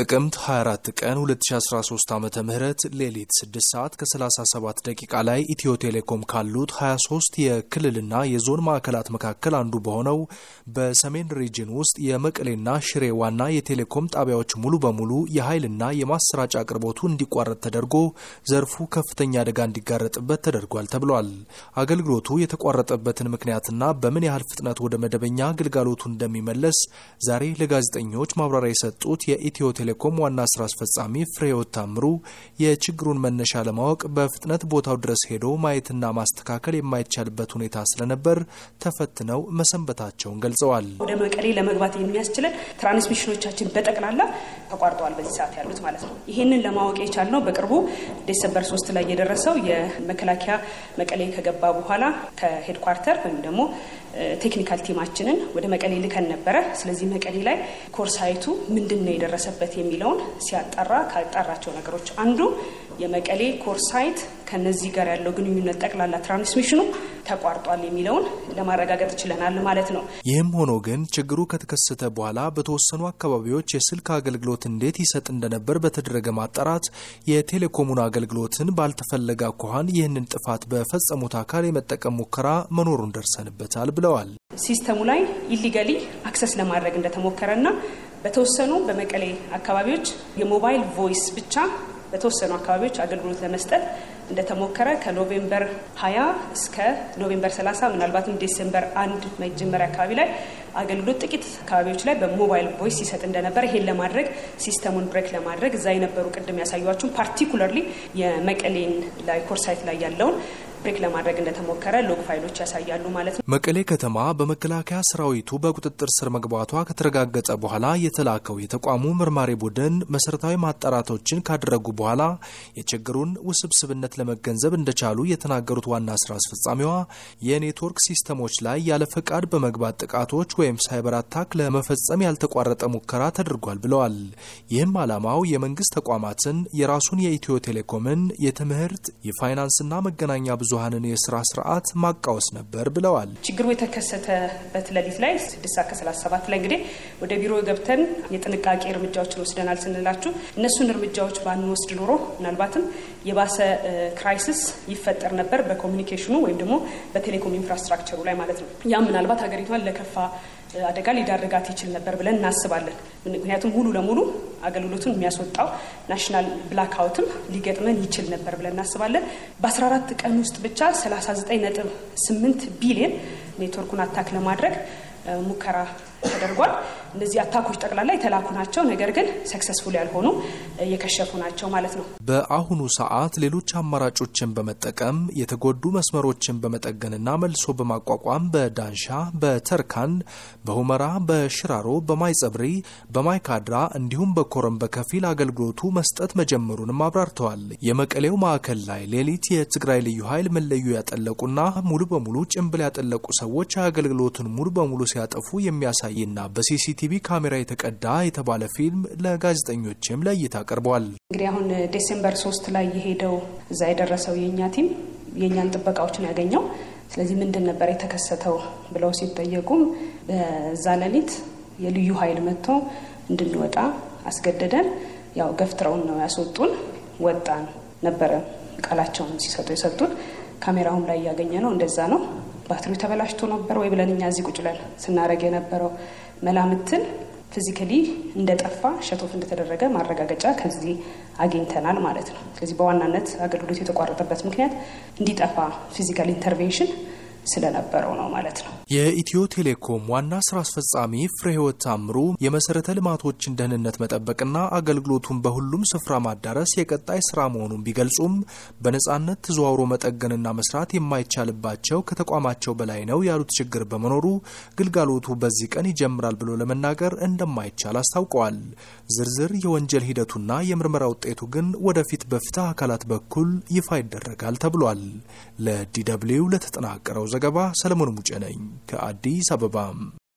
ጥቅምት 24 ቀን 2013 ዓ ም ሌሊት 6 ሰዓት ከ37 ደቂቃ ላይ ኢትዮ ቴሌኮም ካሉት 23 የክልልና የዞን ማዕከላት መካከል አንዱ በሆነው በሰሜን ሪጅን ውስጥ የመቀሌና ሽሬ ዋና የቴሌኮም ጣቢያዎች ሙሉ በሙሉ የኃይልና የማሰራጫ አቅርቦቱ እንዲቋረጥ ተደርጎ ዘርፉ ከፍተኛ አደጋ እንዲጋረጥበት ተደርጓል ተብሏል። አገልግሎቱ የተቋረጠበትን ምክንያትና በምን ያህል ፍጥነት ወደ መደበኛ ግልጋሎቱ እንደሚመለስ ዛሬ ለጋዜጠኞች ማብራሪያ የሰጡት የኢትዮ ቴሌኮም ዋና ስራ አስፈጻሚ ፍሬህይወት ታምሩ የችግሩን መነሻ ለማወቅ በፍጥነት ቦታው ድረስ ሄዶ ማየትና ማስተካከል የማይቻልበት ሁኔታ ስለነበር ተፈትነው መሰንበታቸውን ገልጸዋል። ወደ መቀሌ ለመግባት የሚያስችለን ትራንስሚሽኖቻችን በጠቅላላ ተቋርጠዋል፣ በዚህ ሰዓት ያሉት ማለት ነው። ይህንን ለማወቅ የቻልነው በቅርቡ ዴሰምበር ሶስት ላይ የደረሰው የመከላከያ መቀሌ ከገባ በኋላ ከሄድኳርተር ወይም ደግሞ ቴክኒካል ቲማችንን ወደ መቀሌ ልከን ነበረ። ስለዚህ መቀሌ ላይ ኮርሳይቱ ምንድን ነው የደረሰበት የሚለውን ሲያጠራ ካጠራቸው ነገሮች አንዱ የመቀሌ ኮር ሳይት ከነዚህ ጋር ያለው ግንኙነት ጠቅላላ ትራንስሚሽኑ ተቋርጧል የሚለውን ለማረጋገጥ ችለናል ማለት ነው። ይህም ሆኖ ግን ችግሩ ከተከሰተ በኋላ በተወሰኑ አካባቢዎች የስልክ አገልግሎት እንዴት ይሰጥ እንደነበር በተደረገ ማጣራት የቴሌኮሙን አገልግሎትን ባልተፈለገ አኳኋን ይህንን ጥፋት በፈጸሙት አካል የመጠቀም ሙከራ መኖሩን ደርሰንበታል ብለዋል። ሲስተሙ ላይ ኢሊጋሊ አክሰስ ለማድረግ እንደተሞከረና በተወሰኑ በመቀሌ አካባቢዎች የሞባይል ቮይስ ብቻ በተወሰኑ አካባቢዎች አገልግሎት ለመስጠት እንደተሞከረ ከኖቬምበር 20 እስከ ኖቬምበር 30 ምናልባትም ዲሴምበር አንድ መጀመሪያ አካባቢ ላይ አገልግሎት ጥቂት አካባቢዎች ላይ በሞባይል ቮይስ ሲሰጥ እንደነበረ ይሄን ለማድረግ ሲስተሙን ብሬክ ለማድረግ እዛ የነበሩ ቅድም ያሳዩችሁን ፓርቲኩለርሊ የመቀሌን ላይ ኮርሳይት ላይ ያለውን ብሬክ ለማድረግ እንደተሞከረ ሎግ ፋይሎች ያሳያሉ ማለት ነው። መቀሌ ከተማ በመከላከያ ሰራዊቱ በቁጥጥር ስር መግባቷ ከተረጋገጠ በኋላ የተላከው የተቋሙ መርማሪ ቡድን መሰረታዊ ማጣራቶችን ካደረጉ በኋላ የችግሩን ውስብስብነት ለመገንዘብ እንደቻሉ የተናገሩት ዋና ስራ አስፈጻሚዋ የኔትወርክ ሲስተሞች ላይ ያለ ፈቃድ በመግባት ጥቃቶች ወይም ሳይበር አታክ ለመፈጸም ያልተቋረጠ ሙከራ ተደርጓል ብለዋል። ይህም ዓላማው የመንግስት ተቋማትን የራሱን የኢትዮ ቴሌኮምን፣ የትምህርት፣ የፋይናንስና መገናኛ ብዙሀንን የስራ ስርዓት ማቃወስ ነበር ብለዋል። ችግሩ የተከሰተበት ሌሊት ላይ ስድስት ሰዓት ከሰላሳ ሰባት ላይ እንግዲህ ወደ ቢሮ ገብተን የጥንቃቄ እርምጃዎችን ወስደናል ስንላችሁ እነሱን እርምጃዎች ባንወስድ ኖሮ ምናልባትም የባሰ ክራይሲስ ይፈጠር ነበር በኮሚኒኬሽኑ ወይም ደግሞ በቴሌኮም ኢንፍራስትራክቸሩ ላይ ማለት ነው። ያም ምናልባት ሀገሪቷን ለከፋ አደጋ ሊዳርጋት ይችል ነበር ብለን እናስባለን። ምክንያቱም ሙሉ ለሙሉ አገልግሎቱን የሚያስወጣው ናሽናል ብላክአውትም ሊገጥመን ይችል ነበር ብለን እናስባለን። በ14 ቀን ውስጥ ብቻ 39.8 ቢሊየን ኔትወርኩን አታክ ለማድረግ ሙከራ ተደርጓል። እነዚህ አታኮች ጠቅላላ የተላኩ ናቸው፣ ነገር ግን ሰክሰስፉል ያልሆኑ እየከሸፉ ናቸው ማለት ነው። በአሁኑ ሰዓት ሌሎች አማራጮችን በመጠቀም የተጎዱ መስመሮችን በመጠገንና መልሶ በማቋቋም በዳንሻ፣ በተርካን፣ በሁመራ፣ በሽራሮ፣ በማይጸብሪ፣ በማይካድራ እንዲሁም በኮረም በከፊል አገልግሎቱ መስጠት መጀመሩንም አብራርተዋል። የመቀሌው ማዕከል ላይ ሌሊት የትግራይ ልዩ ኃይል መለዩ ያጠለቁና ሙሉ በሙሉ ጭንብል ያጠለቁ ሰዎች አገልግሎቱን ሙሉ በሙሉ ሲያጠፉ የሚያሳይ ራዕይና በሲሲቲቪ ካሜራ የተቀዳ የተባለ ፊልም ለጋዜጠኞችም ለእይታ ቀርቧል። እንግዲህ አሁን ዴሴምበር ሶስት ላይ የሄደው እዛ የደረሰው የእኛ ቲም የእኛን ጥበቃዎችን ያገኘው ስለዚህ ምንድን ነበር የተከሰተው ብለው ሲጠየቁም በዛ ሌሊት የልዩ ኃይል መጥቶ እንድንወጣ አስገደደን። ያው ገፍትረውን ነው ያስወጡን። ወጣን ነበረ ቃላቸውን ሲሰጡ የሰጡን። ካሜራውም ላይ እያገኘ ነው እንደዛ ነው። ባትሪው ተበላሽቶ ነበር ወይ ብለን እኛ እዚህ ቁጭ ብለን ስናደረግ የነበረው መላምትን ፊዚካሊ እንደጠፋ ሸቶፍ እንደተደረገ ማረጋገጫ ከዚህ አግኝተናል ማለት ነው። ስለዚህ በዋናነት አገልግሎት የተቋረጠበት ምክንያት እንዲጠፋ ፊዚካል ኢንተርቬንሽን ስለነበረው ነው ማለት ነው። የኢትዮ ቴሌኮም ዋና ስራ አስፈጻሚ ፍሬህይወት ታምሩ የመሰረተ ልማቶችን ደህንነት መጠበቅና አገልግሎቱን በሁሉም ስፍራ ማዳረስ የቀጣይ ስራ መሆኑን ቢገልጹም በነጻነት ተዘዋውሮ መጠገንና መስራት የማይቻልባቸው ከተቋማቸው በላይ ነው ያሉት ችግር በመኖሩ ግልጋሎቱ በዚህ ቀን ይጀምራል ብሎ ለመናገር እንደማይቻል አስታውቀዋል። ዝርዝር የወንጀል ሂደቱና የምርመራ ውጤቱ ግን ወደፊት በፍትህ አካላት በኩል ይፋ ይደረጋል ተብሏል። ለዲ ለተጠናቀረው ዘገባ ሰለሞን ሙጬ ነኝ ከአዲስ አበባ